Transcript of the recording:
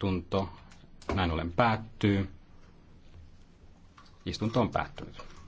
istunto näin ollen päättyy. Istunto on päättynyt.